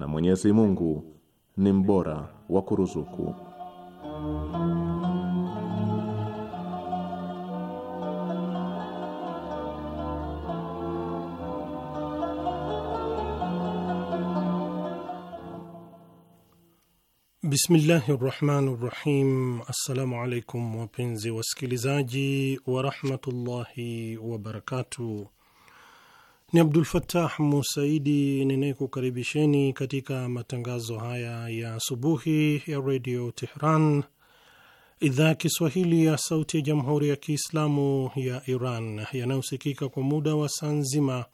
na Mwenyezi Mungu ni mbora wa kuruzuku. Bismillahi rahmani rahim. Assalamu alaikum wapenzi wasikilizaji warahmatullahi wabarakatuh. Ni Abdul fatah Musaidi ninayekukaribisheni katika matangazo haya ya asubuhi ya redio Tehran, idhaa ya Kiswahili ya sauti ya jamhuri ya Kiislamu ya Iran, yanayosikika kwa muda wa saa nzima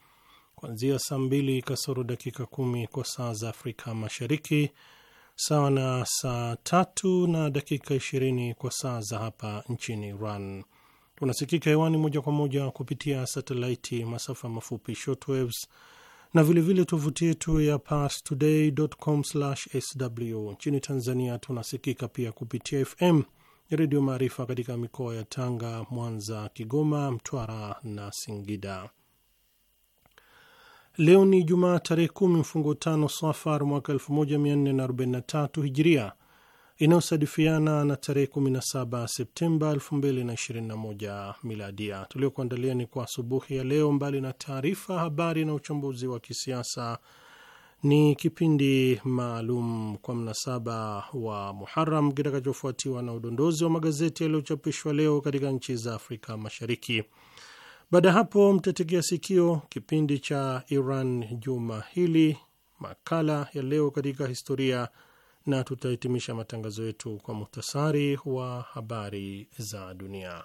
kuanzia saa mbili kasoro dakika kumi kwa saa za Afrika Mashariki, sawa na saa tatu na dakika ishirini kwa saa za hapa nchini Iran Tunasikika hewani moja kwa moja kupitia satelaiti, masafa mafupi short na vilevile tovuti yetu ya parstoday.com/sw. Nchini Tanzania tunasikika pia kupitia FM Redio Maarifa katika mikoa ya Tanga, Mwanza, Kigoma, Mtwara na Singida. Leo ni Jumaa tarehe kumi mfungo tano Safar mwaka 1443 Hijiria, inayosadifiana na tarehe 17 Septemba 2021 miladia. ni kwa asubuhi ya leo, mbali na taarifa habari na uchambuzi wa kisiasa, ni kipindi maalum kwa mnasaba wa Muharam kitakachofuatiwa na udondozi wa magazeti yaliyochapishwa leo katika nchi za Afrika Mashariki. Baada ya hapo, mtategea sikio kipindi cha Iran juma hili, makala ya leo katika historia na tutahitimisha matangazo yetu kwa muhtasari wa habari za dunia.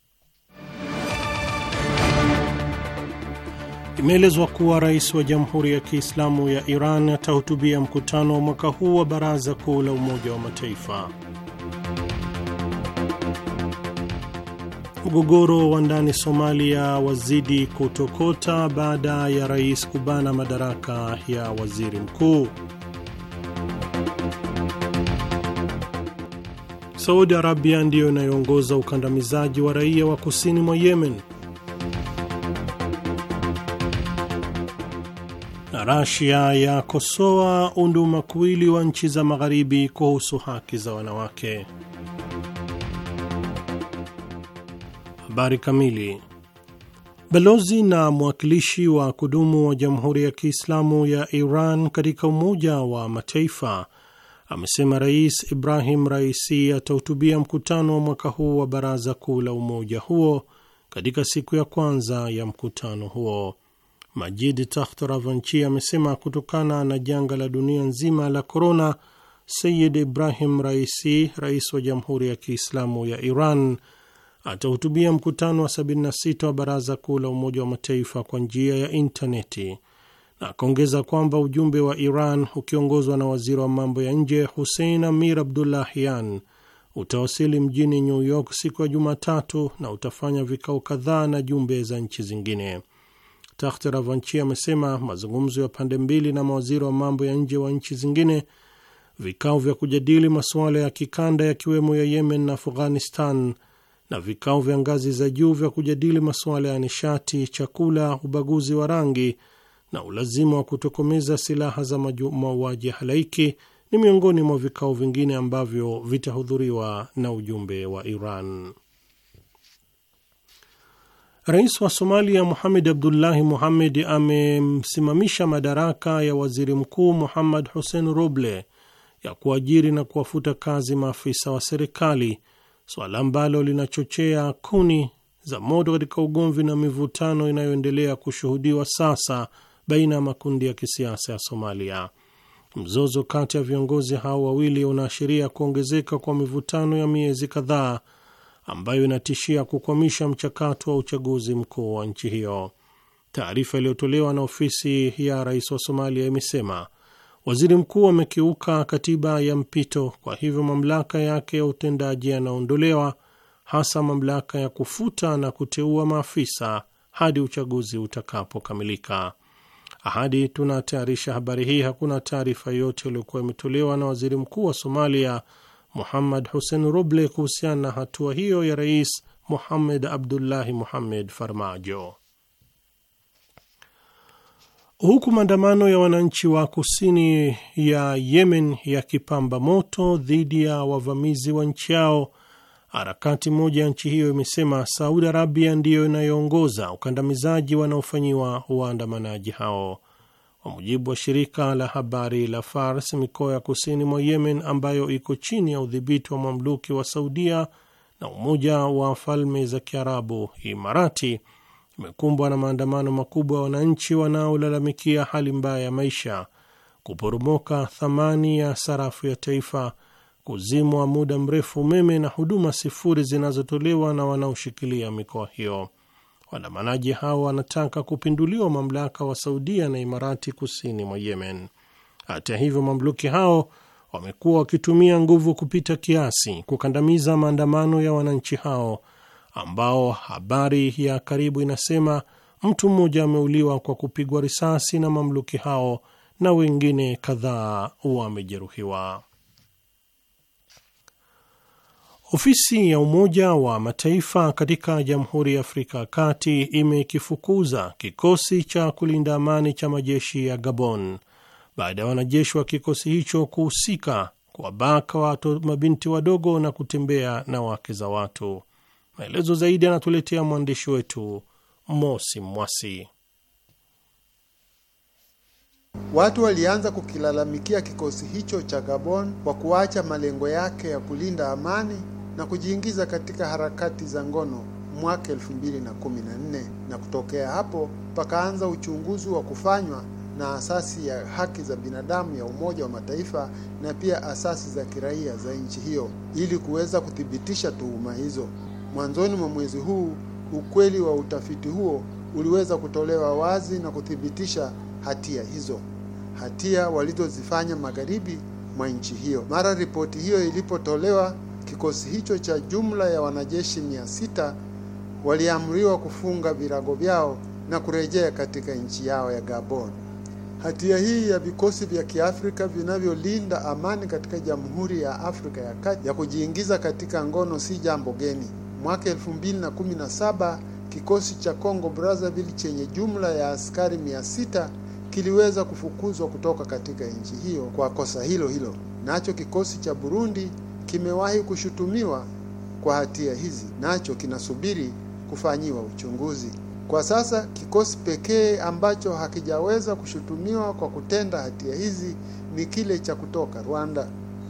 Imeelezwa kuwa rais wa Jamhuri ya Kiislamu ya Iran atahutubia mkutano wa mwaka huu wa Baraza Kuu la Umoja wa Mataifa. Mgogoro wa ndani Somalia wazidi kutokota baada ya rais kubana madaraka ya waziri mkuu. Saudi Arabia ndiyo inayoongoza ukandamizaji wa raia wa kusini mwa Yemen Rasia yakosoa undumakuwili wa nchi za magharibi kuhusu haki za wanawake. Habari kamili. Balozi na mwakilishi wa kudumu wa Jamhuri ya Kiislamu ya Iran katika Umoja wa Mataifa amesema Rais Ibrahim Raisi atahutubia mkutano wa mwaka huu wa Baraza Kuu la umoja huo katika siku ya kwanza ya mkutano huo. Majid Takht Ravanchi amesema kutokana na janga la dunia nzima la korona, Sayid Ibrahim Raisi, rais wa Jamhuri ya Kiislamu ya Iran, atahutubia mkutano wa 76 wa Baraza Kuu la Umoja wa Mataifa kwa njia ya intaneti na akaongeza kwamba ujumbe wa Iran ukiongozwa na waziri wa mambo ya nje Hussein Amir Abdullahian utawasili mjini New York siku ya Jumatatu na utafanya vikao kadhaa na jumbe za nchi zingine. Tahte Ravanchi amesema mazungumzo ya pande mbili na mawaziri wa mambo ya nje wa nchi zingine, vikao vya kujadili masuala ya kikanda yakiwemo ya Yemen na Afghanistan, na vikao vya ngazi za juu vya kujadili masuala ya nishati, chakula, ubaguzi wa rangi na ulazima wa kutokomeza silaha za mauaji halaiki ni miongoni mwa vikao vingine ambavyo vitahudhuriwa na ujumbe wa Iran. Rais wa Somalia Muhamed Abdullahi Muhamed amemsimamisha madaraka ya waziri mkuu Muhammad Hussein Roble ya kuajiri na kuwafuta kazi maafisa wa serikali, suala ambalo linachochea kuni za moto katika ugomvi na mivutano inayoendelea kushuhudiwa sasa baina ya makundi ya kisiasa ya Somalia. Mzozo kati ya viongozi hao wawili unaashiria kuongezeka kwa mivutano ya miezi kadhaa ambayo inatishia kukwamisha mchakato wa uchaguzi mkuu wa nchi hiyo. Taarifa iliyotolewa na ofisi ya rais wa Somalia imesema waziri mkuu amekiuka katiba ya mpito, kwa hivyo mamlaka yake ya utendaji yanaondolewa, hasa mamlaka ya kufuta na kuteua maafisa hadi uchaguzi utakapokamilika. Hadi tunatayarisha habari hii, hakuna taarifa yoyote iliyokuwa imetolewa na waziri mkuu wa Somalia Muhammad Hussein Ruble kuhusiana na hatua hiyo ya Rais muhammed Abdullahi muhammed Farmajo. Huku maandamano ya wananchi wa kusini ya Yemen yakipamba moto dhidi ya wavamizi wa nchi yao, harakati moja ya nchi hiyo imesema Saudi Arabia ndiyo inayoongoza ukandamizaji wanaofanyiwa waandamanaji hao. Kwa mujibu wa shirika la habari la Fars, mikoa ya kusini mwa Yemen ambayo iko chini ya udhibiti wa mamluki wa Saudia na Umoja wa Falme za Kiarabu Imarati imekumbwa na maandamano makubwa ya wananchi wanaolalamikia hali mbaya ya maisha, kuporomoka thamani ya sarafu ya taifa, kuzimwa muda mrefu umeme na huduma sifuri zinazotolewa na wanaoshikilia mikoa hiyo. Waandamanaji hao wanataka kupinduliwa mamlaka wa Saudia na Imarati kusini mwa Yemen. Hata hivyo, mamluki hao wamekuwa wakitumia nguvu kupita kiasi kukandamiza maandamano ya wananchi hao ambao habari ya karibu inasema mtu mmoja ameuliwa kwa kupigwa risasi na mamluki hao na wengine kadhaa wamejeruhiwa. Ofisi ya Umoja wa Mataifa katika Jamhuri ya Afrika ya Kati imekifukuza kikosi cha kulinda amani cha majeshi ya Gabon baada ya wanajeshi wa kikosi hicho kuhusika kuwabaka watu mabinti wadogo na kutembea na wake za watu. Maelezo zaidi anatuletea mwandishi wetu Mosi Mwasi. Watu walianza kukilalamikia kikosi hicho cha Gabon kwa kuacha malengo yake ya kulinda amani na kujiingiza katika harakati za ngono mwaka 2014 na kutokea hapo pakaanza uchunguzi wa kufanywa na asasi ya haki za binadamu ya Umoja wa Mataifa na pia asasi za kiraia za nchi hiyo ili kuweza kuthibitisha tuhuma hizo. Mwanzoni mwa mwezi huu ukweli wa utafiti huo uliweza kutolewa wazi na kuthibitisha hatia hizo, hatia walizozifanya magharibi mwa nchi hiyo. Mara ripoti hiyo ilipotolewa Kikosi hicho cha jumla ya wanajeshi mia sita waliamriwa kufunga virago vyao na kurejea katika nchi yao ya Gabon. Hatia hii ya vikosi vya Kiafrika vinavyolinda amani katika Jamhuri ya Afrika ya Kati ya kujiingiza katika ngono si jambo geni. Mwaka 2017 kikosi cha Congo Brazzaville chenye jumla ya askari mia sita kiliweza kufukuzwa kutoka katika nchi hiyo kwa kosa hilo hilo. Nacho kikosi cha Burundi kimewahi kushutumiwa kwa hatia hizi, nacho kinasubiri kufanyiwa uchunguzi. Kwa sasa kikosi pekee ambacho hakijaweza kushutumiwa kwa kutenda hatia hizi ni kile cha kutoka Rwanda,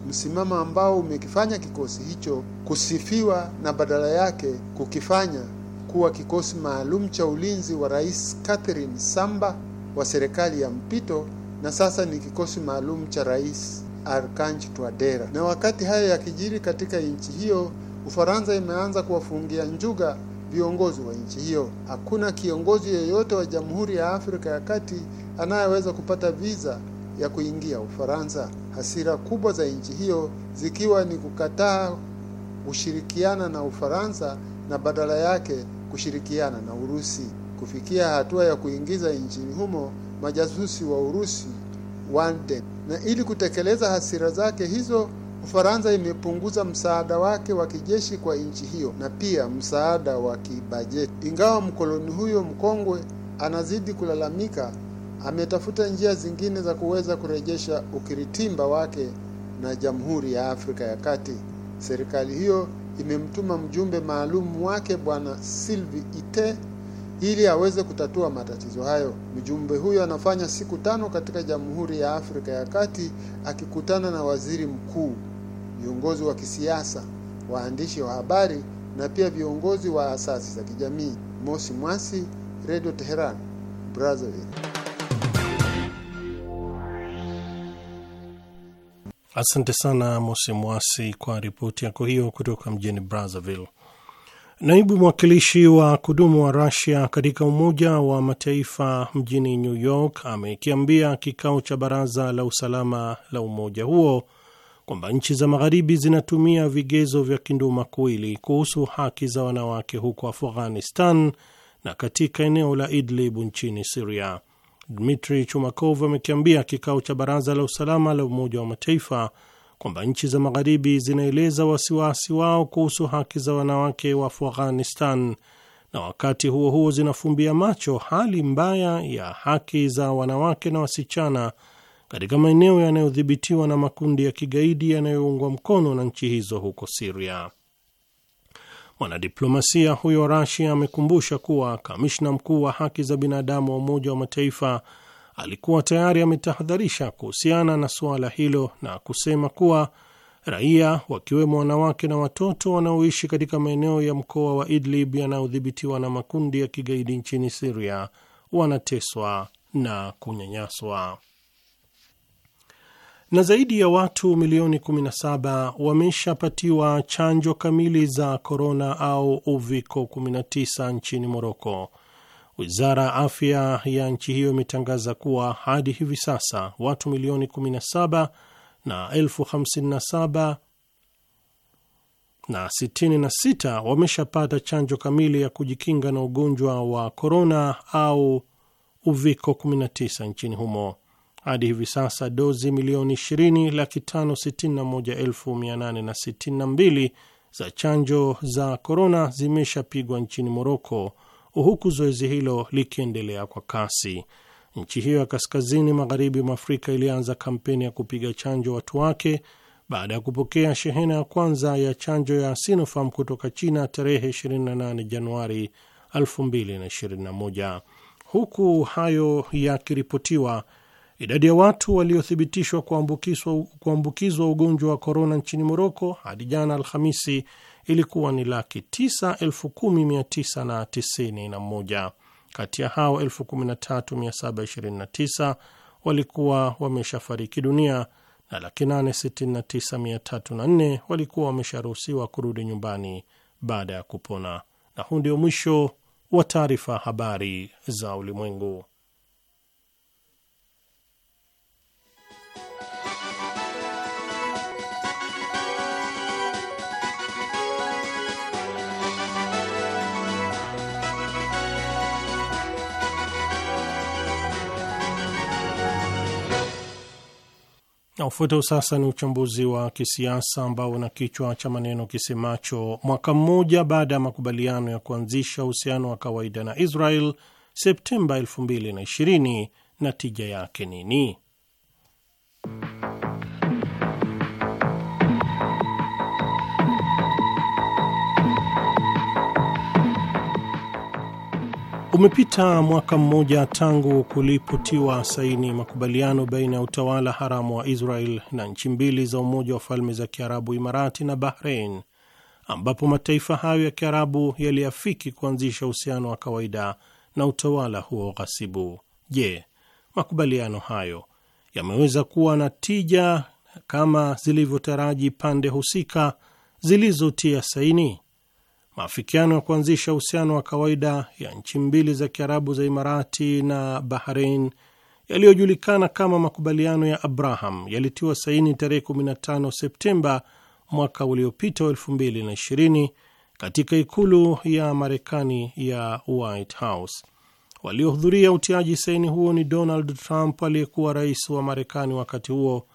msimamo ambao umekifanya kikosi hicho kusifiwa na badala yake kukifanya kuwa kikosi maalum cha ulinzi wa Rais Catherine Samba wa serikali ya mpito, na sasa ni kikosi maalum cha rais Arkanj Twadera. Na wakati haya yakijiri katika nchi hiyo, Ufaransa imeanza kuwafungia njuga viongozi wa nchi hiyo. Hakuna kiongozi yeyote wa Jamhuri ya Afrika ya Kati anayeweza kupata viza ya kuingia Ufaransa, hasira kubwa za nchi hiyo zikiwa ni kukataa kushirikiana na Ufaransa na badala yake kushirikiana na Urusi, kufikia hatua ya kuingiza nchini humo majasusi wa Urusi wanted na ili kutekeleza hasira zake hizo Ufaransa imepunguza msaada wake wa kijeshi kwa nchi hiyo na pia msaada wa kibajeti. Ingawa mkoloni huyo mkongwe anazidi kulalamika, ametafuta njia zingine za kuweza kurejesha ukiritimba wake na Jamhuri ya Afrika ya Kati. Serikali hiyo imemtuma mjumbe maalum wake Bwana Sylvie Ite ili aweze kutatua matatizo hayo. Mjumbe huyo anafanya siku tano katika Jamhuri ya Afrika ya Kati akikutana na waziri mkuu, viongozi wa kisiasa, waandishi wa habari na pia viongozi wa asasi za kijamii. Mosi Mwasi, Radio teheran Brazzaville. Asante sana Mosi Mwasi kwa ripoti yako hiyo kutoka mjini Brazzaville. Naibu mwakilishi wa kudumu wa rasia katika Umoja wa Mataifa mjini New York amekiambia kikao cha Baraza la Usalama la umoja huo kwamba nchi za Magharibi zinatumia vigezo vya kindumakuwili kuhusu haki za wanawake huko Afghanistan na katika eneo la Idlib nchini Siria. Dmitri Chumakov amekiambia kikao cha Baraza la Usalama la Umoja wa Mataifa kwamba nchi za Magharibi zinaeleza wasiwasi wao kuhusu haki za wanawake wa Afghanistan na wakati huo huo zinafumbia macho hali mbaya ya haki za wanawake na wasichana katika maeneo yanayodhibitiwa na makundi ya kigaidi yanayoungwa mkono na nchi hizo huko Siria. Mwanadiplomasia huyo Rasia amekumbusha kuwa kamishna mkuu wa haki za binadamu wa Umoja wa Mataifa alikuwa tayari ametahadharisha kuhusiana na suala hilo na kusema kuwa raia wakiwemo wanawake na watoto wanaoishi katika maeneo ya mkoa wa Idlib yanayodhibitiwa na makundi ya kigaidi nchini Siria wanateswa na kunyanyaswa na zaidi ya watu milioni 17 wameshapatiwa chanjo kamili za korona au uviko 19 nchini Moroko Wizara ya afya ya nchi hiyo imetangaza kuwa hadi hivi sasa watu milioni 17 na elfu 57 na 66 wameshapata chanjo kamili ya kujikinga na ugonjwa wa korona au uviko 19 nchini humo. Hadi hivi sasa dozi milioni 20 laki 561,862 za chanjo za korona zimeshapigwa nchini Moroko huku zoezi hilo likiendelea kwa kasi. Nchi hiyo ya kaskazini magharibi mwa Afrika ilianza kampeni ya kupiga chanjo watu wake baada ya kupokea shehena ya kwanza ya chanjo ya Sinopharm kutoka China tarehe 28 Januari 2021. Huku hayo yakiripotiwa, idadi ya watu waliothibitishwa kuambukizwa ugonjwa wa korona nchini Moroko hadi jana Alhamisi ilikuwa ni laki tisa elfu kumi mia tisa na tisini na moja. Kati ya hao elfu kumi na tatu mia saba ishirini na tisa walikuwa wameshafariki dunia na laki nane sitini na tisa mia tatu na nne walikuwa wamesharuhusiwa kurudi nyumbani baada ya kupona. Na huu ndio mwisho wa taarifa habari za ulimwengu. Na ufuatao sasa ni uchambuzi wa kisiasa ambao una kichwa cha maneno kisemacho mwaka mmoja baada ya makubaliano ya kuanzisha uhusiano wa kawaida na Israel Septemba 2020 na tija yake nini? Umepita mwaka mmoja tangu kulipotiwa saini makubaliano baina ya utawala haramu wa Israel na nchi mbili za Umoja wa Falme za Kiarabu, Imarati na bahrein ambapo mataifa hayo ya Kiarabu yaliafiki kuanzisha uhusiano wa kawaida na utawala huo ghasibu. Je, makubaliano hayo yameweza kuwa na tija kama zilivyotaraji pande husika zilizotia saini? Maafikiano ya kuanzisha uhusiano wa kawaida ya nchi mbili za Kiarabu za Imarati na Bahrain yaliyojulikana kama makubaliano ya Abraham yalitiwa saini tarehe 15 Septemba mwaka uliopita wa 2020 katika ikulu ya Marekani ya White House. Waliohudhuria utiaji saini huo ni Donald Trump aliyekuwa rais wa Marekani wakati huo,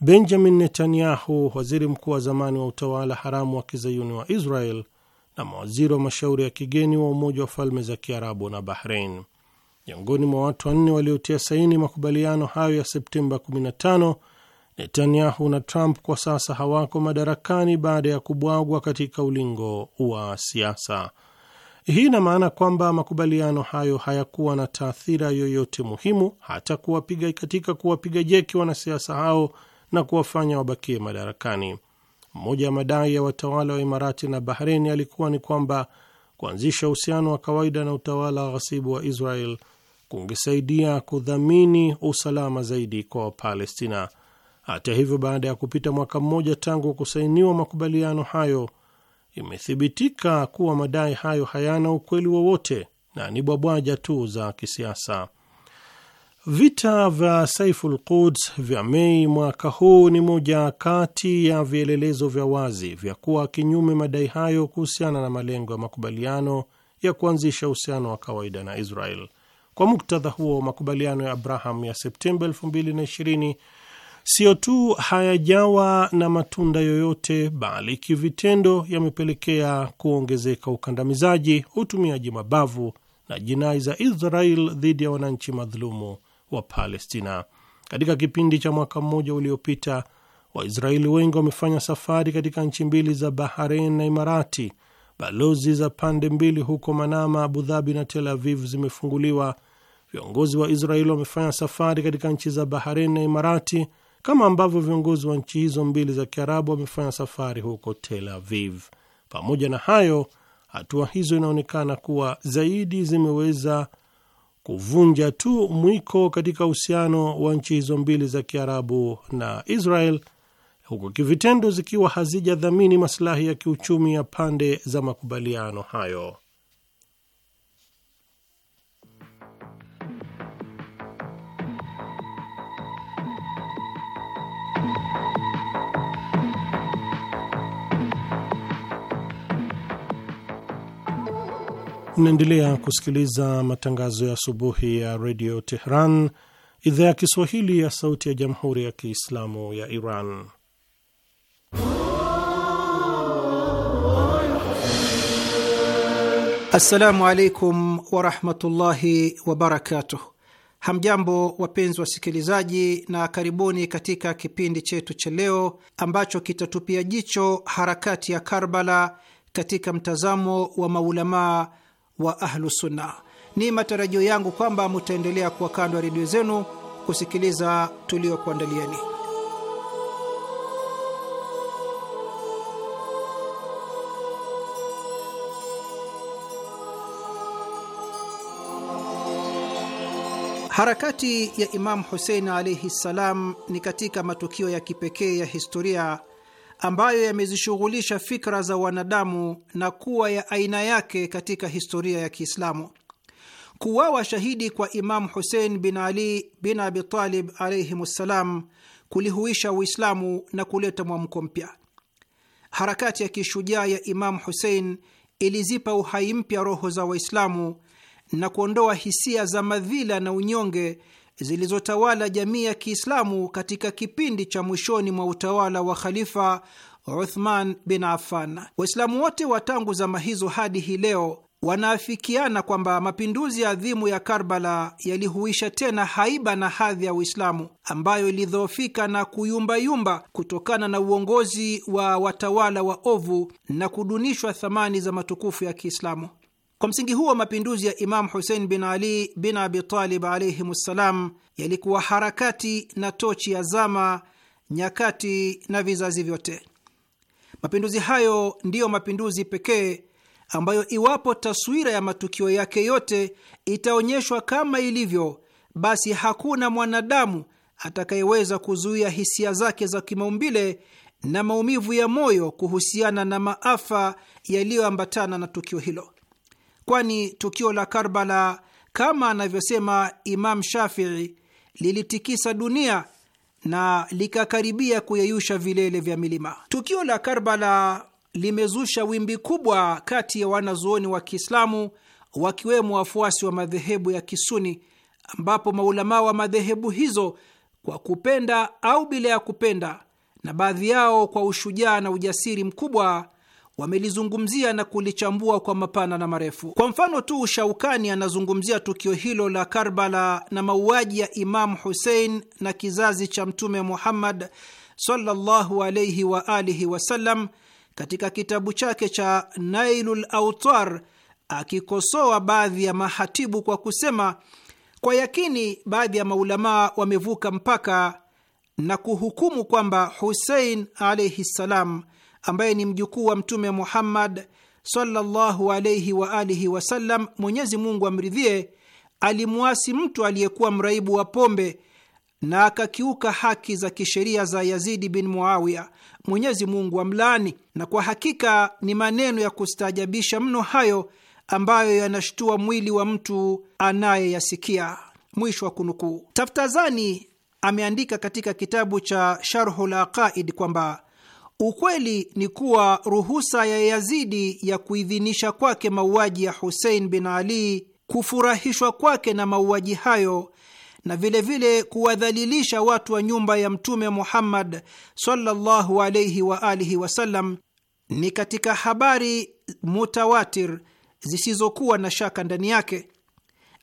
Benjamin Netanyahu, waziri mkuu wa zamani wa utawala haramu wa kizayuni wa Israel, na mawaziri wa mashauri ya kigeni wa Umoja wa Falme za Kiarabu na Bahrein. Miongoni mwa watu wanne waliotia saini makubaliano hayo ya Septemba 15, Netanyahu na Trump kwa sasa hawako madarakani baada ya kubwagwa katika ulingo wa siasa. Hii ina maana kwamba makubaliano hayo hayakuwa na taathira yoyote muhimu hata kuwapiga katika kuwapiga jeki wanasiasa hao na kuwafanya wabakie madarakani. Mmoja ya madai ya watawala wa Imarati na Bahrein alikuwa ni kwamba kuanzisha uhusiano wa kawaida na utawala wa ghasibu wa Israel kungesaidia kudhamini usalama zaidi kwa Wapalestina. Hata hivyo, baada ya kupita mwaka mmoja tangu kusainiwa makubaliano hayo, imethibitika kuwa madai hayo hayana ukweli wowote na ni bwabwaja tu za kisiasa. Vita vya Saiful Quds vya Mei mwaka huu ni moja kati ya vielelezo vya wazi vya kuwa kinyume madai hayo kuhusiana na malengo ya makubaliano ya kuanzisha uhusiano wa kawaida na Israel. Kwa muktadha huo, makubaliano ya Abraham ya Septemba 2020 siyo tu hayajawa na matunda yoyote, bali kivitendo yamepelekea kuongezeka ukandamizaji, utumiaji mabavu na jinai za Israel dhidi ya wananchi madhulumu wa Palestina. Katika kipindi cha mwaka mmoja uliopita, Waisraeli wengi wamefanya safari katika nchi mbili za Bahrain na Imarati. Balozi za pande mbili huko Manama, Abu Dhabi na Tel Aviv zimefunguliwa. Viongozi wa Israeli wamefanya safari katika nchi za Bahrain na Imarati, kama ambavyo viongozi wa nchi hizo mbili za Kiarabu wamefanya safari huko Tel Aviv. Pamoja na hayo, hatua hizo inaonekana kuwa zaidi zimeweza kuvunja tu mwiko katika uhusiano wa nchi hizo mbili za Kiarabu na Israel, huku kivitendo zikiwa hazijadhamini masilahi ya kiuchumi ya pande za makubaliano hayo. Mnaendelea kusikiliza matangazo ya asubuhi ya redio Tehran, idhaa ya Kiswahili ya sauti ya jamhuri ya Kiislamu ya Iran. Assalamu alaikum warahmatullahi wabarakatuh. Hamjambo wapenzi wasikilizaji, na karibuni katika kipindi chetu cha leo ambacho kitatupia jicho harakati ya Karbala katika mtazamo wa maulamaa wa Ahlusunna. Ni matarajio yangu kwamba mutaendelea kuwa kando ya redio zenu kusikiliza tuliokuandalieni. Harakati ya Imamu Husein alaihi ssalam ni katika matukio ya kipekee ya historia ambayo yamezishughulisha fikra za wanadamu na kuwa ya aina yake katika historia ya Kiislamu. Kuwawa shahidi kwa Imamu Husein bin Ali bin Abitalib alaihim ssalam kulihuisha Uislamu na kuleta mwamko mpya. Harakati ya kishujaa ya Imamu Husein ilizipa uhai mpya roho za Waislamu na kuondoa hisia za madhila na unyonge zilizotawala jamii ya Kiislamu katika kipindi cha mwishoni mwa utawala wa Khalifa Uthman bin Affan. Waislamu wote wa tangu zama hizo hadi hii leo wanaafikiana kwamba mapinduzi ya adhimu ya Karbala yalihuisha tena haiba na hadhi ya Uislamu ambayo ilidhoofika na kuyumbayumba kutokana na uongozi wa watawala wa ovu na kudunishwa thamani za matukufu ya Kiislamu. Kwa msingi huo wa mapinduzi ya Imamu Husein bin Ali bin Abitalib alaihim ssalam yalikuwa harakati na tochi ya zama, nyakati na vizazi vyote. Mapinduzi hayo ndiyo mapinduzi pekee ambayo iwapo taswira ya matukio yake yote itaonyeshwa kama ilivyo, basi hakuna mwanadamu atakayeweza kuzuia hisia zake za kimaumbile na maumivu ya moyo kuhusiana na maafa yaliyoambatana na tukio hilo kwani tukio la Karbala, kama anavyosema Imam Shafii, lilitikisa dunia na likakaribia kuyeyusha vilele vya milima. Tukio la Karbala limezusha wimbi kubwa kati ya wanazuoni wa Kiislamu, wakiwemo wafuasi wa madhehebu ya Kisuni, ambapo maulamaa wa madhehebu hizo kwa kupenda au bila ya kupenda, na baadhi yao kwa ushujaa na ujasiri mkubwa wamelizungumzia na kulichambua kwa mapana na marefu. Kwa mfano tu, Shaukani anazungumzia tukio hilo la Karbala na mauaji ya Imamu Husein na kizazi cha Mtume Muhammad sallallahu alayhi wa alihi wasallam katika kitabu chake cha Nailul Autar, akikosoa baadhi ya mahatibu kwa kusema, kwa yakini baadhi ya maulamaa wamevuka mpaka na kuhukumu kwamba Husein alaihi ssalam ambaye ni mjukuu wa Mtume Muhammad sallallahu alayhi wa alihi wasallam, Mwenyezi Mungu amridhie, alimwasi mtu aliyekuwa mraibu wa pombe na akakiuka haki za kisheria za Yazidi bin Muawiya, Mwenyezi Mungu amlaani. Na kwa hakika ni maneno ya kustaajabisha mno hayo ambayo yanashtua mwili wa mtu anayeyasikia. Mwisho wa kunukuu. Taftazani ameandika katika kitabu cha Sharhul Aqaid kwamba Ukweli ni kuwa ruhusa ya Yazidi ya kuidhinisha kwake mauaji ya Husein bin Ali, kufurahishwa kwake na mauaji hayo na vilevile kuwadhalilisha watu wa nyumba ya Mtume Muhammad sallallahu alaihi wa alihi wasallam ni katika habari mutawatir zisizokuwa na shaka ndani yake.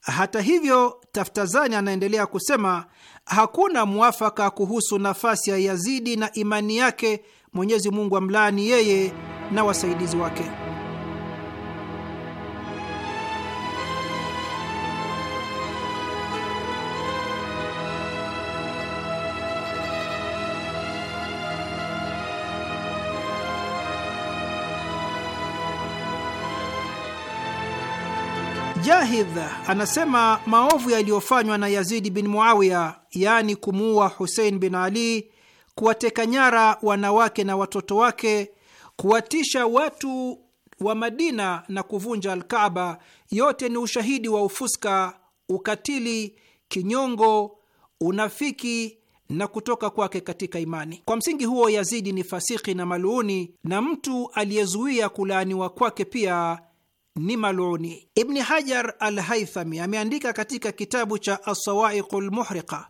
Hata hivyo, Taftazani anaendelea kusema hakuna mwafaka kuhusu nafasi ya Yazidi na imani yake Mwenyezi Mungu amlani yeye na wasaidizi wake. Jahidh anasema maovu yaliyofanywa na Yazidi bin Muawiya, yaani kumuua Husein bin Ali kuwateka nyara wanawake na watoto wake, kuwatisha watu wa Madina na kuvunja alkaba yote ni ushahidi wa ufuska, ukatili, kinyongo, unafiki na kutoka kwake katika imani. Kwa msingi huo, Yazidi ni fasiki na maluuni, na mtu aliyezuia kulaaniwa kwake pia ni maluuni. Ibni Hajar al Haithami ameandika katika kitabu cha Asawaiqu lmuhriqa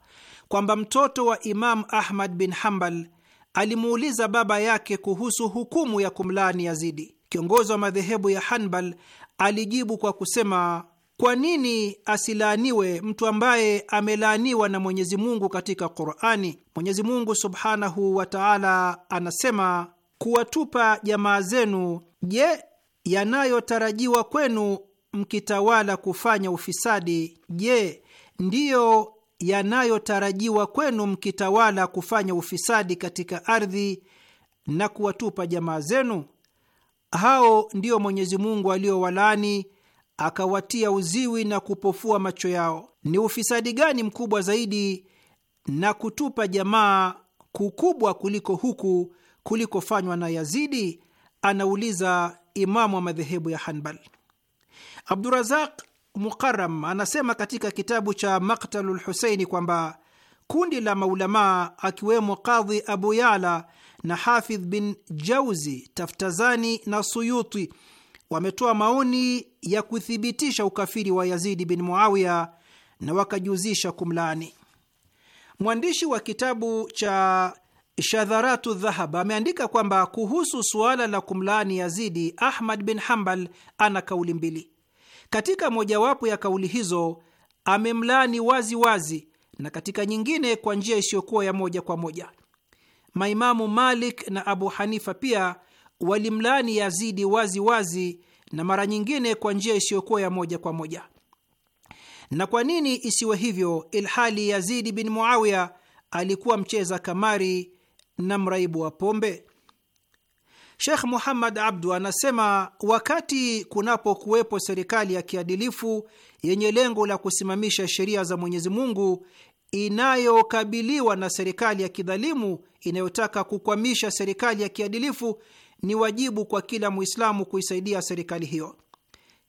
kwamba mtoto wa Imam Ahmad bin Hambal alimuuliza baba yake kuhusu hukumu ya kumlaani Yazidi. Kiongozi wa madhehebu ya Hanbal alijibu kwa kusema, kwa nini asilaaniwe mtu ambaye amelaaniwa na Mwenyezi Mungu katika Qurani? Mwenyezi Mungu subhanahu wa taala anasema, kuwatupa jamaa zenu, je, yanayotarajiwa kwenu mkitawala kufanya ufisadi, je, ndiyo yanayotarajiwa kwenu mkitawala kufanya ufisadi katika ardhi na kuwatupa jamaa zenu? Hao ndio Mwenyezi Mungu aliowalani akawatia uziwi na kupofua macho yao. Ni ufisadi gani mkubwa zaidi na kutupa jamaa kukubwa kuliko huku kulikofanywa na Yazidi? Anauliza imamu wa madhehebu ya Hanbal Abdurazaq Mukaram anasema katika kitabu cha Maktalu Lhuseini kwamba kundi la maulamaa akiwemo Qadhi Abu Yala na Hafidh bin Jauzi, Taftazani na Suyuti wametoa maoni ya kuthibitisha ukafiri wa Yazidi bin Muawiya na wakajiuzisha kumlaani. Mwandishi wa kitabu cha Shadharatu Dhahab ameandika kwamba kuhusu suala la kumlaani Yazidi, Ahmad bin Hambal ana kauli mbili. Katika mojawapo ya kauli hizo amemlaani wazi wazi na katika nyingine kwa njia isiyokuwa ya moja kwa moja. Maimamu Malik na Abu Hanifa pia walimlaani Yazidi wazi wazi na mara nyingine kwa njia isiyokuwa ya moja kwa moja. Na kwa nini isiwe hivyo, ilhali Yazidi bin Muawiya alikuwa mcheza kamari na mraibu wa pombe? Shekh Muhammad Abdu anasema wakati kunapokuwepo serikali ya kiadilifu yenye lengo la kusimamisha sheria za Mwenyezi Mungu inayokabiliwa na serikali ya kidhalimu inayotaka kukwamisha serikali ya kiadilifu, ni wajibu kwa kila Mwislamu kuisaidia serikali hiyo.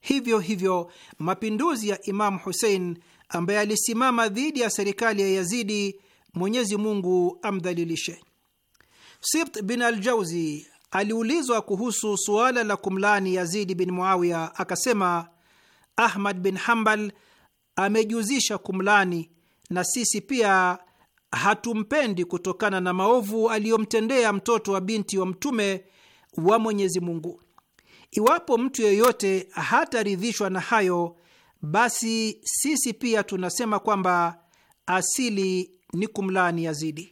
Hivyo hivyo mapinduzi ya Imamu Husein ambaye alisimama dhidi ya serikali ya Yazidi, Mwenyezi Mungu amdhalilishe. Sibt bin Aljauzi aliulizwa kuhusu suala la kumlani Yazidi bin Muawiya akasema, Ahmad bin Hambal amejuzisha kumlani na sisi pia hatumpendi kutokana na maovu aliyomtendea mtoto wa binti wa Mtume wa Mwenyezi Mungu. Iwapo mtu yeyote hataridhishwa na hayo, basi sisi pia tunasema kwamba asili ni kumlani Yazidi.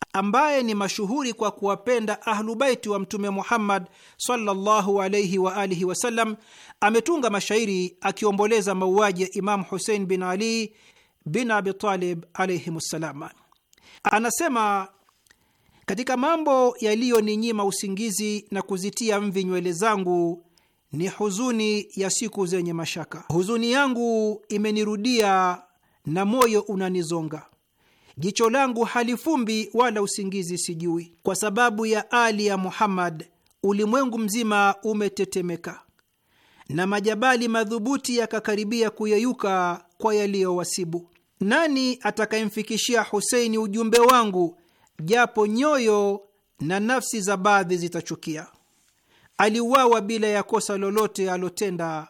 ambaye ni mashuhuri kwa kuwapenda Ahlubaiti wa Mtume Muhammad sallallahu alaihi wa alihi wasallam, ametunga mashairi akiomboleza mauaji ya Imamu Husein bin Ali bin Abitalib alaihimssalam. Anasema, katika mambo yaliyoninyima usingizi na kuzitia mvi nywele zangu ni huzuni ya siku zenye mashaka. Huzuni yangu imenirudia na moyo unanizonga jicho langu halifumbi wala usingizi sijui. Kwa sababu ya Ali ya Muhammad ulimwengu mzima umetetemeka na majabali madhubuti yakakaribia kuyeyuka kwa yaliyowasibu. Nani atakayemfikishia Huseini ujumbe wangu, japo nyoyo na nafsi za baadhi zitachukia? Aliuawa bila ya kosa lolote alotenda,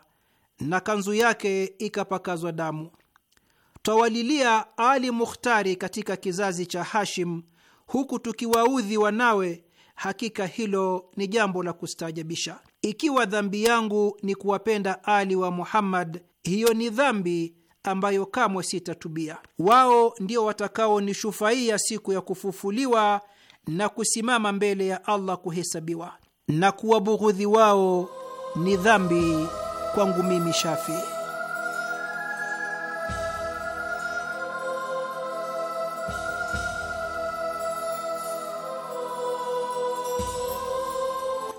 na kanzu yake ikapakazwa damu. Twawalilia Ali Mukhtari katika kizazi cha Hashim, huku tukiwaudhi wanawe. Hakika hilo ni jambo la kustaajabisha. Ikiwa dhambi yangu ni kuwapenda Ali wa Muhammad, hiyo ni dhambi ambayo kamwe sitatubia. Wao ndio watakaonishufaia siku ya kufufuliwa na kusimama mbele ya Allah kuhesabiwa, na kuwabughudhi wao ni dhambi kwangu mimi Shafii.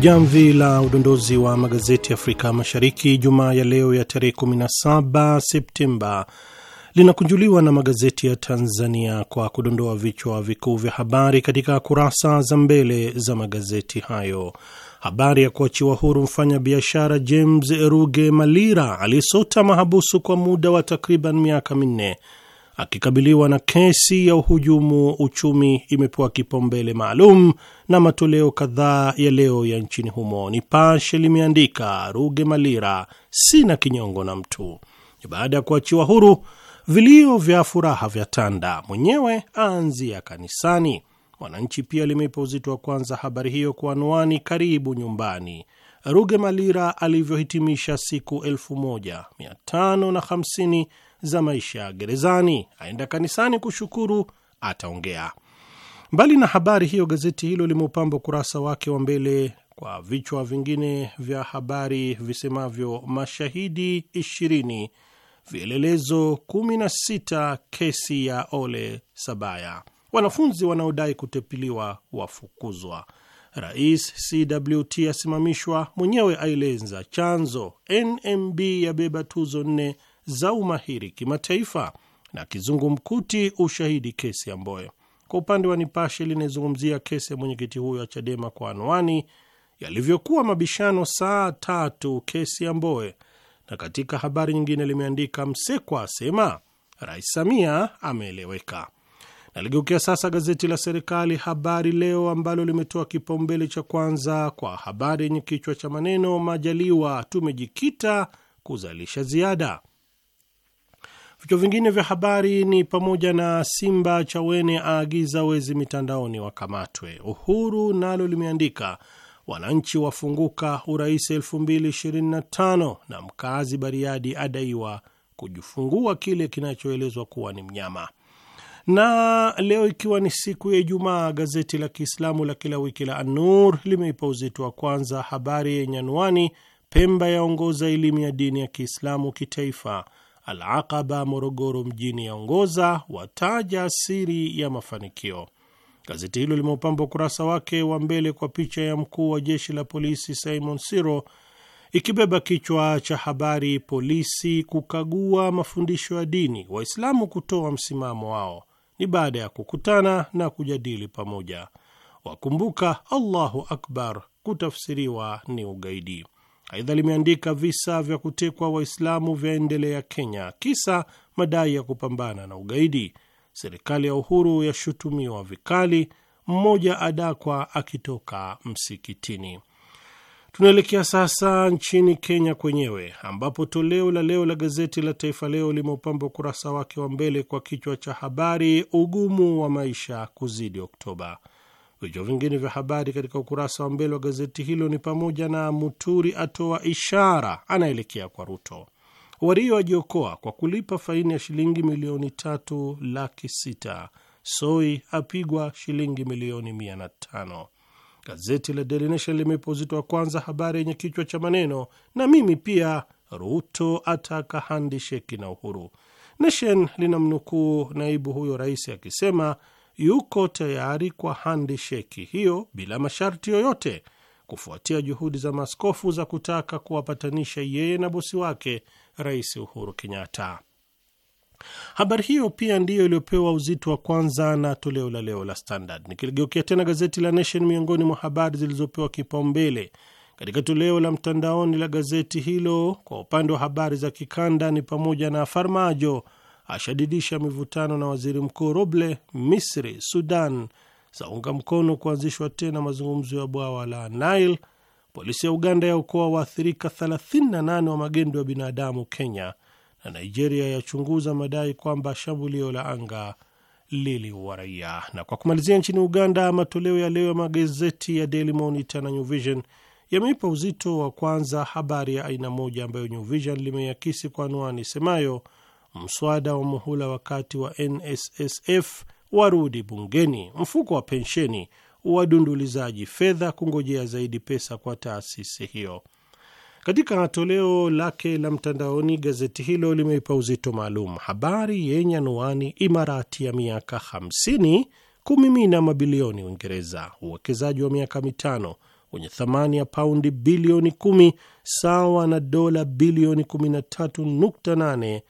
Jamvi la udondozi wa magazeti Afrika Mashariki Jumaa ya leo ya tarehe 17 Septemba linakunjuliwa na magazeti ya Tanzania kwa kudondoa vichwa vikuu vya habari katika kurasa za mbele za magazeti hayo. Habari ya kuachiwa huru mfanyabiashara James Ruge Malira aliyesota mahabusu kwa muda wa takriban miaka minne akikabiliwa na kesi ya uhujumu uchumi imepewa kipaumbele maalum na matoleo kadhaa ya leo ya nchini humo. Nipashe limeandika Ruge Malira, sina kinyongo na mtu. Baada ya kuachiwa huru, vilio vya furaha vya tanda, mwenyewe aanzia kanisani. Mwananchi pia limeipa uzito wa kwanza habari hiyo kwa anwani, karibu nyumbani Ruge Malira alivyohitimisha siku 1550 za maisha ya gerezani. Aenda kanisani kushukuru, ataongea. Mbali na habari hiyo, gazeti hilo limeupamba ukurasa wake wa mbele kwa vichwa vingine vya habari visemavyo: mashahidi 20 vielelezo 16 kesi ya Ole Sabaya, wanafunzi wanaodai kutepiliwa wafukuzwa, Rais CWT asimamishwa, mwenyewe aeleza chanzo, NMB yabeba tuzo nne za umahiri kimataifa na kizungumkuti ushahidi kesi ya Mbowe. Kwa upande wa Nipashe linayezungumzia kesi ya mwenyekiti huyo wa Chadema kwa anwani yalivyokuwa mabishano saa tatu kesi ya mboe na katika habari nyingine limeandika Msekwa asema Rais Samia ameeleweka. Naligeukia sasa gazeti la serikali Habari Leo ambalo limetoa kipaumbele cha kwanza kwa habari yenye kichwa cha maneno Majaliwa tumejikita kuzalisha ziada. Vichwa vingine vya habari ni pamoja na Simba Chawene aagiza wezi mitandaoni wakamatwe. Uhuru nalo limeandika wananchi wafunguka urais 2025 na mkazi Bariadi adaiwa kujifungua kile kinachoelezwa kuwa ni mnyama. Na leo ikiwa ni siku ya Ijumaa, gazeti la Kiislamu la kila wiki la An-Nur limeipa uzito wa kwanza habari yenye anwani Pemba yaongoza elimu ya dini ya Kiislamu kitaifa Alaqaba Morogoro mjini yaongoza, wataja siri ya mafanikio. Gazeti hilo limeupamba ukurasa wake wa mbele kwa picha ya mkuu wa jeshi la polisi Simon Siro ikibeba kichwa cha habari, polisi kukagua mafundisho ya dini, Waislamu kutoa msimamo wao. Ni baada ya kukutana na kujadili pamoja, wakumbuka Allahu akbar kutafsiriwa ni ugaidi. Aidha limeandika visa vya kutekwa Waislamu vyaendelea Kenya, kisa madai ya kupambana na ugaidi. Serikali ya Uhuru yashutumiwa vikali, mmoja adakwa akitoka msikitini. Tunaelekea sasa nchini Kenya kwenyewe, ambapo toleo la leo la gazeti la Taifa Leo limeupamba ukurasa wake wa mbele kwa kichwa cha habari, ugumu wa maisha kuzidi Oktoba. Vichwa vingine vya habari katika ukurasa wa mbele wa gazeti hilo ni pamoja na Muturi atoa ishara anaelekea kwa Ruto, Wario ajiokoa kwa kulipa faini ya shilingi milioni tatu laki sita Soi apigwa shilingi milioni mia na tano. Gazeti la Daily Nation uzito wa kwanza habari yenye kichwa cha maneno na mimi pia, Ruto ataka handisheki na Uhuru. Nation linamnukuu naibu huyo rais akisema yuko tayari kwa sheki hiyo bila masharti yoyote, kufuatia juhudi za maskofu za kutaka kuwapatanisha yeye na bosi wake Rais Uhuru Kenyatta. Habari hiyo pia ndiyo iliyopewa uzito wa kwanza na toleo la leo la Standard. Nikiligeukia tena gazeti la Nation, miongoni mwa habari zilizopewa kipaumbele katika toleo la mtandaoni la gazeti hilo kwa upande wa habari za kikanda ni pamoja na Farmajo ashadidisha mivutano na waziri mkuu Roble. Misri, Sudan zaunga mkono kuanzishwa tena mazungumzo ya bwawa la Nile. Polisi ya Uganda ya ukoa waathirika 38 wa magendo ya binadamu Kenya, na Nigeria yachunguza madai kwamba shambulio la anga liliua raia. Na kwa kumalizia, nchini Uganda, matoleo ya leo ya magazeti ya Daily Monitor na New Vision yameipa uzito wa kwanza habari ya aina moja ambayo New Vision limeiakisi kwa anwani semayo mswada wa muhula wakati wa NSSF warudi bungeni, mfuko wa pensheni wadundulizaji fedha kungojea zaidi pesa kwa taasisi hiyo. Katika toleo lake la mtandaoni, gazeti hilo limeipa uzito maalum habari yenye anuani Imarati ya miaka 50 kumimina mabilioni Uingereza, uwekezaji wa miaka mitano wenye thamani ya paundi bilioni 10 sawa na dola bilioni 13.8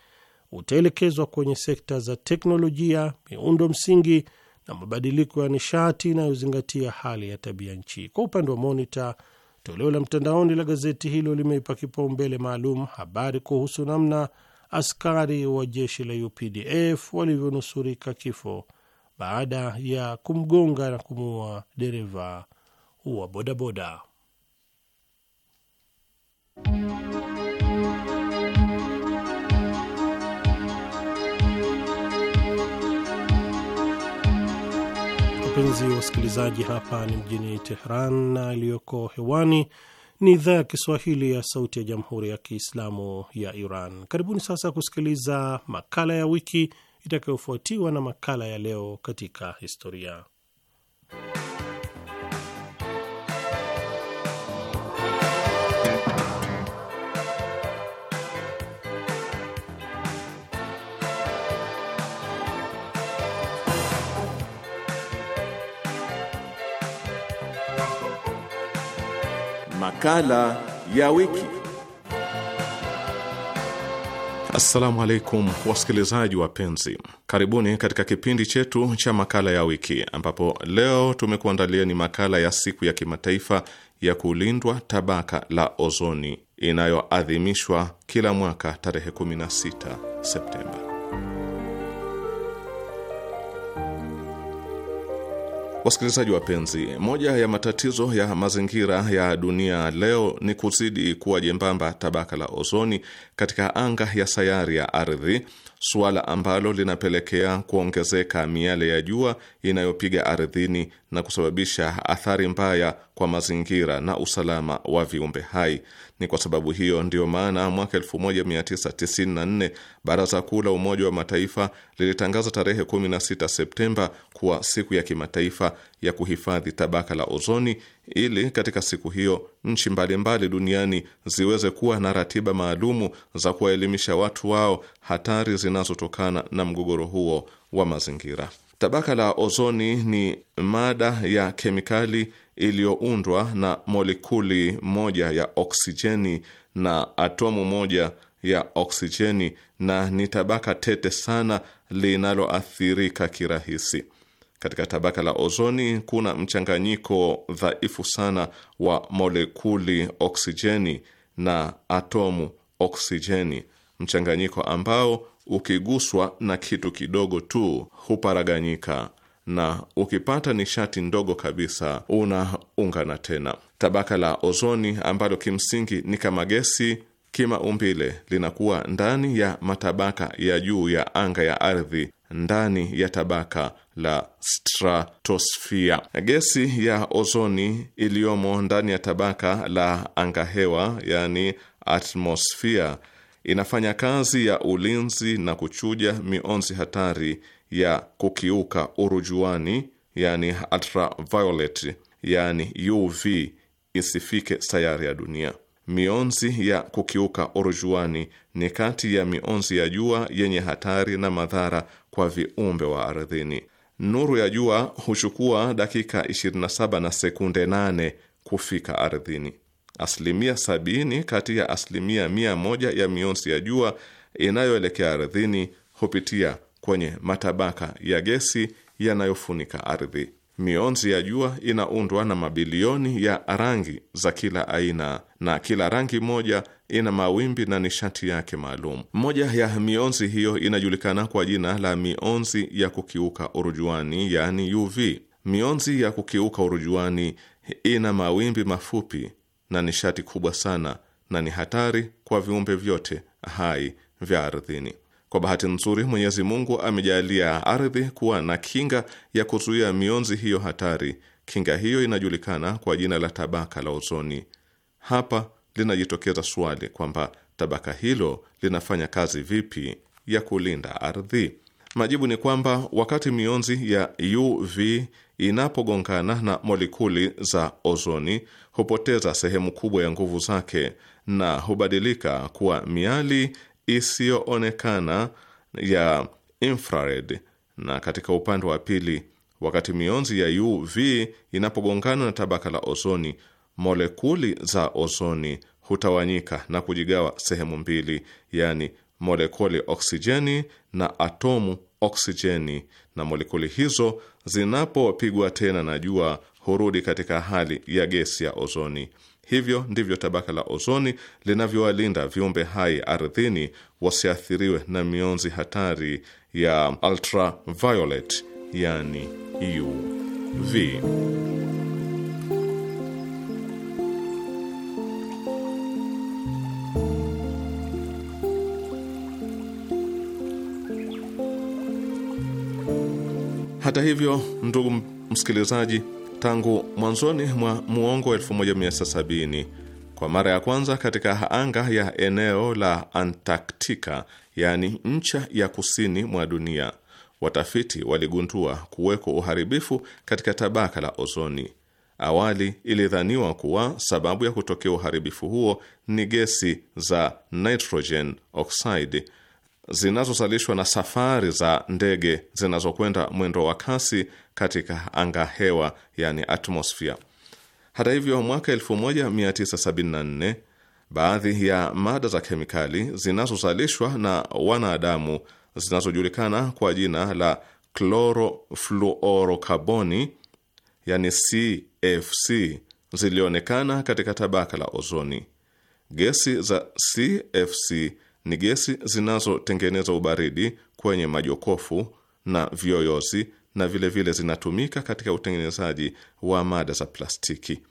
utaelekezwa kwenye sekta za teknolojia, miundo msingi na mabadiliko ya nishati inayozingatia hali ya tabia nchi. Kwa upande wa Monitor, toleo la mtandaoni la gazeti hilo limeipa kipaumbele maalum habari kuhusu namna askari wa jeshi la UPDF walivyonusurika kifo baada ya kumgonga na kumuua dereva wa bodaboda. wapenzi wasikilizaji, hapa ni mjini Teheran na iliyoko hewani ni idhaa ya Kiswahili ya Sauti ya Jamhuri ya Kiislamu ya Iran. Karibuni sasa kusikiliza makala ya wiki itakayofuatiwa na makala ya leo katika historia. Makala ya wiki. Assalamu alaikum wasikilizaji wapenzi, karibuni katika kipindi chetu cha makala ya wiki, ambapo leo tumekuandalia ni makala ya siku ya kimataifa ya kulindwa tabaka la ozoni inayoadhimishwa kila mwaka tarehe 16 Septemba. Wasikilizaji wapenzi, moja ya matatizo ya mazingira ya dunia leo ni kuzidi kuwa jembamba tabaka la ozoni katika anga ya sayari ya ardhi, suala ambalo linapelekea kuongezeka miale ya jua inayopiga ardhini na kusababisha athari mbaya kwa mazingira na usalama wa viumbe hai. Ni kwa sababu hiyo ndiyo maana mwaka 1994 Baraza Kuu la Umoja wa Mataifa lilitangaza tarehe 16 Septemba kuwa siku ya kimataifa ya kuhifadhi tabaka la ozoni, ili katika siku hiyo nchi mbalimbali duniani ziweze kuwa na ratiba maalumu za kuwaelimisha watu wao hatari zinazotokana na mgogoro huo wa mazingira. Tabaka la ozoni ni mada ya kemikali iliyoundwa na molekuli moja ya oksijeni na atomu moja ya oksijeni na ni tabaka tete sana linaloathirika kirahisi. Katika tabaka la ozoni kuna mchanganyiko dhaifu sana wa molekuli oksijeni na atomu oksijeni, mchanganyiko ambao ukiguswa na kitu kidogo tu huparaganyika na ukipata nishati ndogo kabisa unaungana tena. Tabaka la ozoni ambalo kimsingi ni kama gesi kimaumbile, linakuwa ndani ya matabaka ya juu ya anga ya ardhi, ndani ya tabaka la stratosfia. Gesi ya ozoni iliyomo ndani ya tabaka la angahewa, yani atmosfia, inafanya kazi ya ulinzi na kuchuja mionzi hatari ya kukiuka urujuani, yani ultraviolet, yani UV isifike sayari ya dunia. Mionzi ya kukiuka urujuani ni kati ya mionzi ya jua yenye hatari na madhara kwa viumbe wa ardhini. Nuru ya jua huchukua dakika 27 na sekunde 8 kufika ardhini asilimia sabini kati ya asilimia mia moja ya mionzi ya jua inayoelekea ardhini hupitia kwenye matabaka ya gesi yanayofunika ardhi. Mionzi ya jua inaundwa na mabilioni ya rangi za kila aina, na kila rangi moja ina mawimbi na nishati yake maalum. Moja ya mionzi hiyo inajulikana kwa jina la mionzi ya kukiuka urujuani, yaani UV. Mionzi ya kukiuka urujuani ina mawimbi mafupi na nishati kubwa sana na ni hatari kwa viumbe vyote hai vya ardhini. Kwa bahati nzuri, Mwenyezi Mungu amejalia ardhi kuwa na kinga ya kuzuia mionzi hiyo hatari. Kinga hiyo inajulikana kwa jina la tabaka la ozoni. Hapa linajitokeza swali kwamba tabaka hilo linafanya kazi vipi ya kulinda ardhi? Majibu ni kwamba wakati mionzi ya UV inapogongana na molekuli za ozoni hupoteza sehemu kubwa ya nguvu zake na hubadilika kuwa miali isiyoonekana ya infrared. Na katika upande wa pili, wakati mionzi ya UV inapogongana na tabaka la ozoni, molekuli za ozoni hutawanyika na kujigawa sehemu mbili, yani molekuli oksijeni na atomu oksijeni, na molekuli hizo zinapopigwa tena na jua hurudi katika hali ya gesi ya ozoni. Hivyo ndivyo tabaka la ozoni linavyowalinda viumbe hai ardhini wasiathiriwe na mionzi hatari ya ultraviolet, yani UV. Hata hivyo, ndugu msikilizaji, tangu mwanzoni mwa muongo 1970 kwa mara ya kwanza katika anga ya eneo la Antaktika, yaani ncha ya kusini mwa dunia, watafiti waligundua kuweko uharibifu katika tabaka la ozoni. Awali ilidhaniwa kuwa sababu ya kutokea uharibifu huo ni gesi za nitrogen oxide zinazozalishwa na safari za ndege zinazokwenda mwendo wa kasi katika angahewa, yani atmosphere. Hata hivyo, mwaka 1974 baadhi ya mada za kemikali zinazozalishwa na wanadamu zinazojulikana kwa jina la chlorofluorokaboni yani CFC zilionekana katika tabaka la ozoni. Gesi za CFC ni gesi zinazotengeneza ubaridi kwenye majokofu na vyoyozi na vilevile vile zinatumika katika utengenezaji wa mada za plastiki.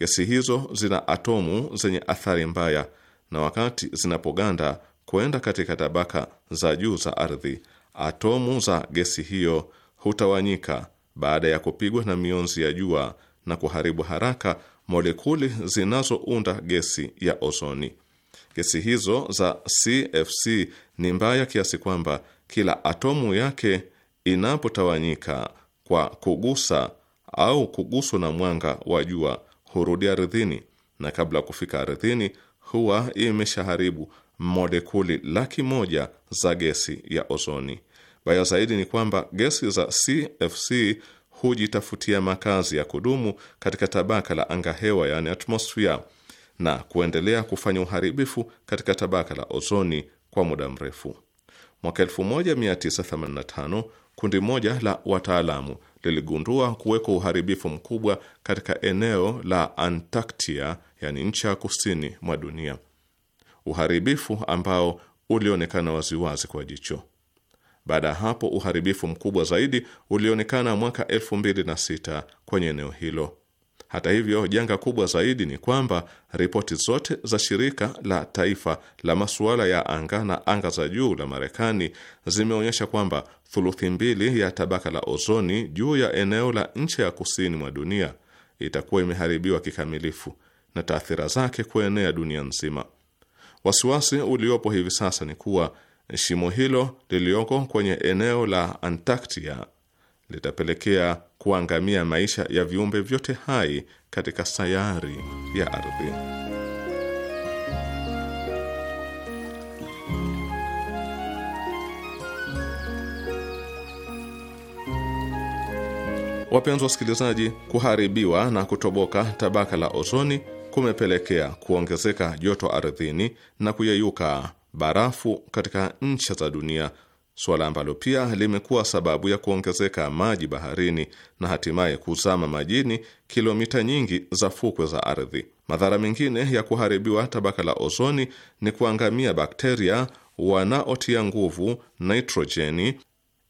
Gesi hizo zina atomu zenye athari mbaya, na wakati zinapoganda kwenda katika tabaka za juu za ardhi, atomu za gesi hiyo hutawanyika baada ya kupigwa na mionzi ya jua na kuharibu haraka molekuli zinazounda gesi ya ozoni. Kesi hizo za CFC ni mbaya kiasi kwamba kila atomu yake inapotawanyika kwa kugusa au kuguswa na mwanga wa jua hurudi ardhini, na kabla ya kufika ardhini huwa imeshaharibu molekuli laki moja za gesi ya ozoni. Baya zaidi ni kwamba gesi za CFC hujitafutia makazi ya kudumu katika tabaka la anga hewa, yaani atmosfia na kuendelea kufanya uharibifu katika tabaka la ozoni kwa muda mrefu. Mwaka 1985 kundi moja la wataalamu liligundua kuweko uharibifu mkubwa katika eneo la antaktia yani ncha ya kusini mwa dunia, uharibifu ambao ulionekana waziwazi kwa jicho. Baada ya hapo uharibifu mkubwa zaidi ulionekana mwaka 2006 kwenye eneo hilo. Hata hivyo, janga kubwa zaidi ni kwamba ripoti zote za shirika la taifa la masuala ya anga na anga za juu la Marekani zimeonyesha kwamba thuluthi mbili ya tabaka la ozoni juu ya eneo la nche ya kusini mwa dunia itakuwa imeharibiwa kikamilifu na taathira zake kuenea dunia nzima. Wasiwasi uliopo hivi sasa ni kuwa shimo hilo lilioko kwenye eneo la Antarktia litapelekea kuangamia maisha ya viumbe vyote hai katika sayari ya ardhi. Wapenzi wasikilizaji, kuharibiwa na kutoboka tabaka la ozoni kumepelekea kuongezeka joto ardhini na kuyeyuka barafu katika ncha za dunia suala ambalo pia limekuwa sababu ya kuongezeka maji baharini na hatimaye kuzama majini kilomita nyingi za fukwe za ardhi. Madhara mengine ya kuharibiwa tabaka la ozoni ni kuangamia bakteria wanaotia nguvu nitrojeni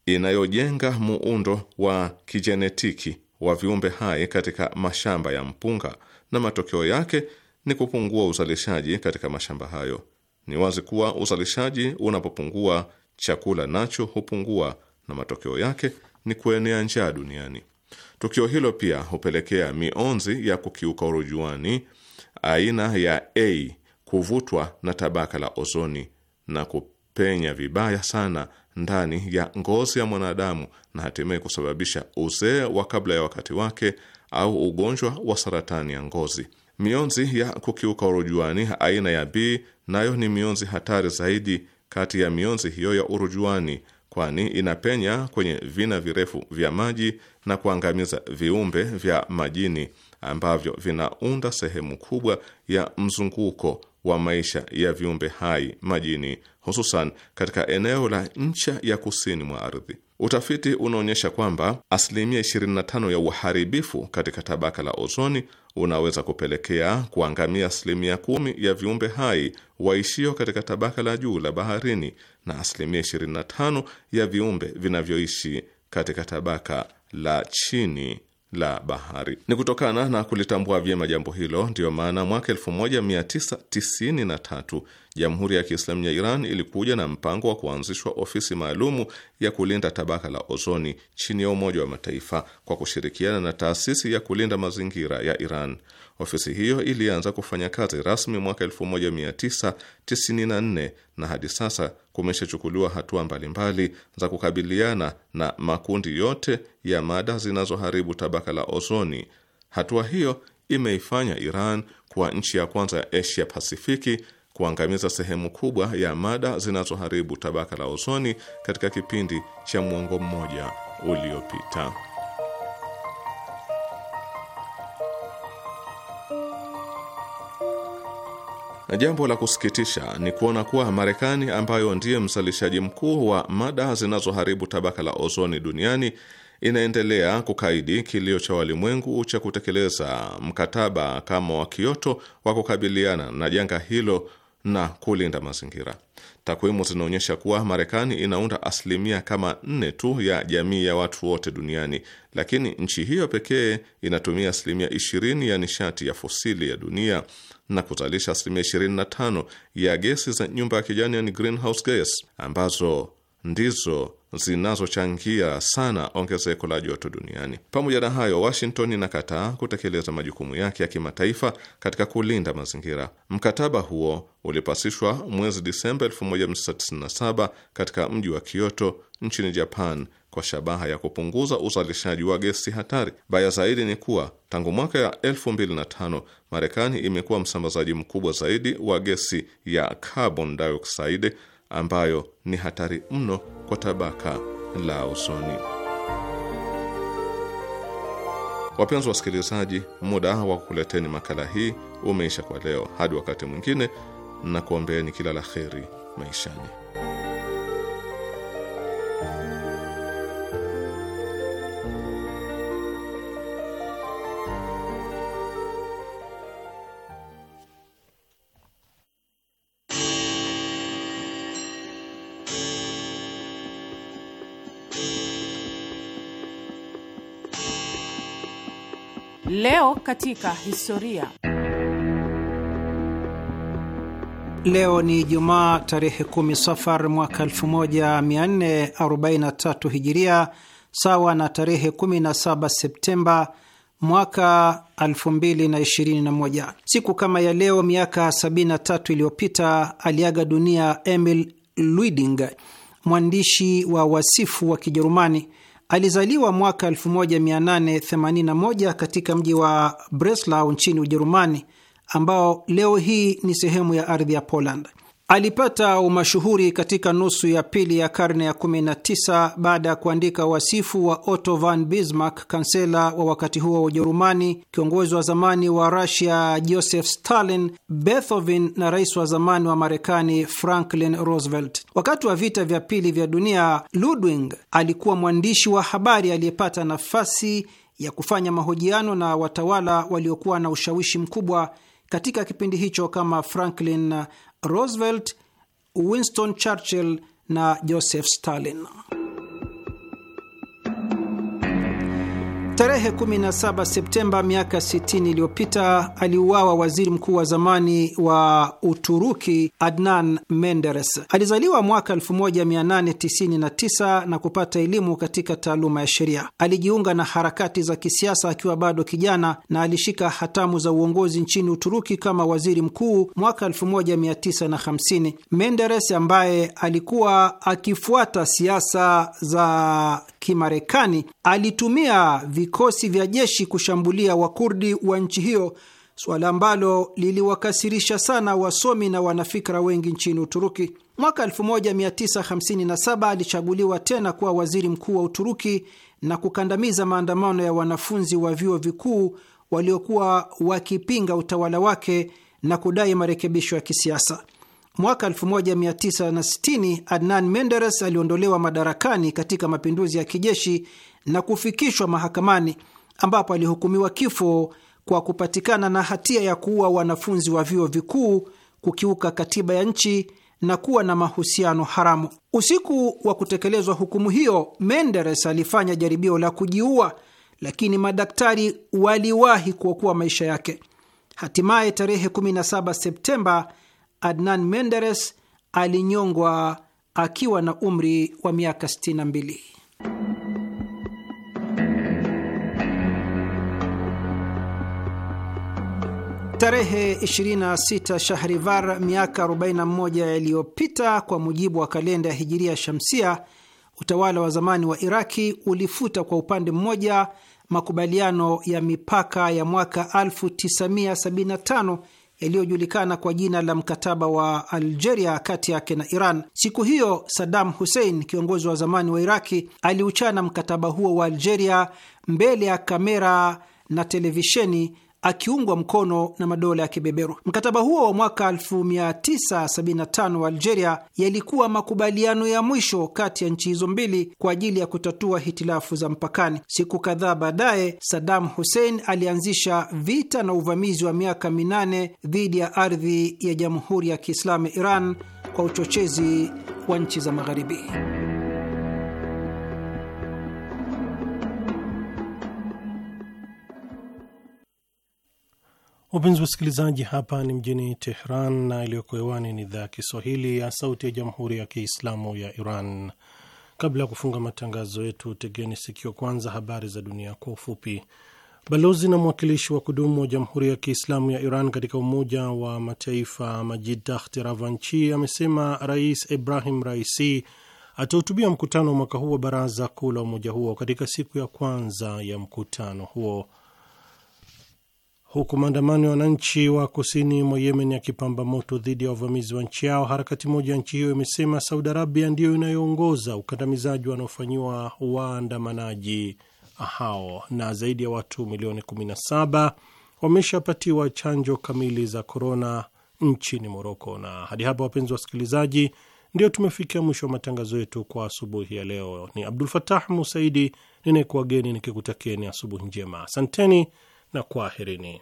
inayojenga muundo wa kijenetiki wa viumbe hai katika mashamba ya mpunga, na matokeo yake ni kupungua uzalishaji katika mashamba hayo. Ni wazi kuwa uzalishaji unapopungua chakula nacho hupungua na matokeo yake ni kuenea njaa duniani. Tukio hilo pia hupelekea mionzi ya kukiuka urujuani aina ya A kuvutwa na tabaka la ozoni na kupenya vibaya sana ndani ya ngozi ya mwanadamu na hatimaye kusababisha uzee wa kabla ya wakati wake au ugonjwa wa saratani ya ngozi. Mionzi ya kukiuka urujuani aina ya B nayo ni mionzi hatari zaidi kati ya mionzi hiyo ya urujuani, kwani inapenya kwenye vina virefu vya maji na kuangamiza viumbe vya majini ambavyo vinaunda sehemu kubwa ya mzunguko wa maisha ya viumbe hai majini, hususan katika eneo la ncha ya kusini mwa ardhi. Utafiti unaonyesha kwamba asilimia 25 ya uharibifu katika tabaka la ozoni unaweza kupelekea kuangamia asilimia kumi ya viumbe hai waishio katika tabaka la juu la baharini na asilimia 25 ya viumbe vinavyoishi katika tabaka la chini la bahari. Ni kutokana na kulitambua vyema jambo hilo, ndiyo maana mwaka 1993 Jamhuri ya Kiislamu ya Iran ilikuja na mpango wa kuanzishwa ofisi maalumu ya kulinda tabaka la ozoni chini ya Umoja wa Mataifa kwa kushirikiana na taasisi ya kulinda mazingira ya Iran. Ofisi hiyo ilianza kufanya kazi rasmi mwaka 1994 na hadi sasa kumeshachukuliwa hatua mbalimbali za kukabiliana na makundi yote ya mada zinazoharibu tabaka la ozoni. Hatua hiyo imeifanya Iran kuwa nchi ya kwanza ya Asia Pasifiki kuangamiza sehemu kubwa ya mada zinazoharibu tabaka la ozoni katika kipindi cha mwongo mmoja uliopita. jambo la kusikitisha ni kuona kuwa Marekani ambayo ndiye mzalishaji mkuu wa mada zinazoharibu tabaka la ozoni duniani inaendelea kukaidi kilio cha walimwengu cha kutekeleza mkataba kama wa Kyoto wa kukabiliana na janga hilo na kulinda mazingira. Takwimu zinaonyesha kuwa Marekani inaunda asilimia kama nne tu ya jamii ya watu wote duniani, lakini nchi hiyo pekee inatumia asilimia ishirini ya nishati ya fosili ya dunia na kuzalisha asilimia 25 ya gesi za nyumba ya kijani, yani greenhouse gas, ambazo ndizo zinazochangia sana ongezeko la joto duniani. Pamoja na hayo, Washington inakataa kutekeleza majukumu yake ya kimataifa katika kulinda mazingira. Mkataba huo ulipasishwa mwezi Disemba 1997 katika mji wa Kyoto nchini Japan kwa shabaha ya kupunguza uzalishaji wa gesi hatari. Baya zaidi ni kuwa tangu mwaka ya 2005 Marekani imekuwa msambazaji mkubwa zaidi wa gesi ya carbon dioxide ambayo ni hatari mno kwa tabaka la ozoni. Wapenzi wasikilizaji, muda wa kukuleteni makala hii umeisha kwa leo. Hadi wakati mwingine, na kuombeeni kila la kheri maishani. Leo katika historia. Leo ni Jumaa tarehe 10 Safar mwaka 1443 Hijiria, sawa na tarehe 17 Septemba mwaka 2021. Siku kama ya leo miaka 73 iliyopita aliaga dunia Emil luiding mwandishi wa wasifu wa Kijerumani Alizaliwa mwaka 1881 katika mji wa Breslau nchini Ujerumani, ambao leo hii ni sehemu ya ardhi ya Poland. Alipata umashuhuri katika nusu ya pili ya karne ya 19 baada ya kuandika wasifu wa Otto von Bismarck, kansela wa wakati huo wa Ujerumani, kiongozi wa zamani wa Rusia Joseph Stalin, Beethoven na rais wa zamani wa Marekani Franklin Roosevelt. Wakati wa vita vya pili vya dunia, Ludwig alikuwa mwandishi wa habari aliyepata nafasi ya kufanya mahojiano na watawala waliokuwa na ushawishi mkubwa katika kipindi hicho kama Franklin Roosevelt, Winston Churchill na Joseph Stalin. Tarehe 17 Septemba miaka 60 iliyopita aliuawa waziri mkuu wa zamani wa Uturuki Adnan Menderes. Alizaliwa mwaka 1899 na kupata elimu katika taaluma ya sheria. Alijiunga na harakati za kisiasa akiwa bado kijana na alishika hatamu za uongozi nchini Uturuki kama waziri mkuu mwaka 1950. Menderes ambaye alikuwa akifuata siasa za Kimarekani alitumia vikosi vya jeshi kushambulia Wakurdi wa nchi hiyo, suala ambalo liliwakasirisha sana wasomi na wanafikra wengi nchini Uturuki. Mwaka 1957 alichaguliwa tena kuwa waziri mkuu wa Uturuki na kukandamiza maandamano ya wanafunzi wa vyuo vikuu waliokuwa wakipinga utawala wake na kudai marekebisho ya kisiasa. Mwaka 1960 Adnan Menderes aliondolewa madarakani katika mapinduzi ya kijeshi na kufikishwa mahakamani ambapo alihukumiwa kifo kwa kupatikana na hatia ya kuua wanafunzi wa vyuo vikuu, kukiuka katiba ya nchi na kuwa na mahusiano haramu. Usiku wa kutekelezwa hukumu hiyo, Menderes alifanya jaribio la kujiua, lakini madaktari waliwahi kuokoa maisha yake. Hatimaye tarehe 17 Septemba, Adnan Menderes alinyongwa akiwa na umri wa miaka 62. Tarehe 26 Shahrivar miaka 41 yaliyopita kwa mujibu wa kalenda ya Hijiria Shamsia, utawala wa zamani wa Iraki ulifuta kwa upande mmoja makubaliano ya mipaka ya mwaka 1975 yaliyojulikana kwa jina la mkataba wa Algeria kati yake na Iran. Siku hiyo Saddam Hussein, kiongozi wa zamani wa Iraki, aliuchana mkataba huo wa Algeria mbele ya kamera na televisheni akiungwa mkono na madola ya kibeberu. Mkataba huo wa mwaka 1975 wa Algeria yalikuwa makubaliano ya mwisho kati ya nchi hizo mbili kwa ajili ya kutatua hitilafu za mpakani. Siku kadhaa baadaye, Saddam Hussein alianzisha vita na uvamizi wa miaka minane dhidi ya ardhi ya Jamhuri ya Kiislamu Iran kwa uchochezi wa nchi za Magharibi. Wapenzi wasikilizaji, hapa ni mjini Tehran na iliyoko hewani ni idhaa ya Kiswahili ya Sauti ya Jamhuri ya Kiislamu ya Iran. Kabla ya kufunga matangazo yetu, tegeni sikio kwanza habari za dunia kwa ufupi. Balozi na mwakilishi wa kudumu wa Jamhuri ya Kiislamu ya Iran katika Umoja wa Mataifa Majid Takht Ravanchi amesema Rais Ibrahim Raisi atahutubia mkutano wa mwaka huu wa Baraza Kuu la umoja huo katika siku ya kwanza ya mkutano huo huku maandamano ya wananchi wa kusini mwa Yemen yakipamba moto dhidi ya wavamizi wa nchi yao. Harakati moja ya nchi hiyo imesema Saudi Arabia ndiyo inayoongoza ukandamizaji wanaofanyiwa waandamanaji hao, na zaidi ya watu milioni 17 wameshapatiwa chanjo kamili za korona nchini Moroko. Na hadi hapa, wapenzi wa wasikilizaji, ndio tumefikia mwisho wa matangazo yetu kwa asubuhi ya leo. Ni Abdul Fatah Musaidi ninayekuwageni nikikutakieni asubuhi njema. Asanteni na kwaherini.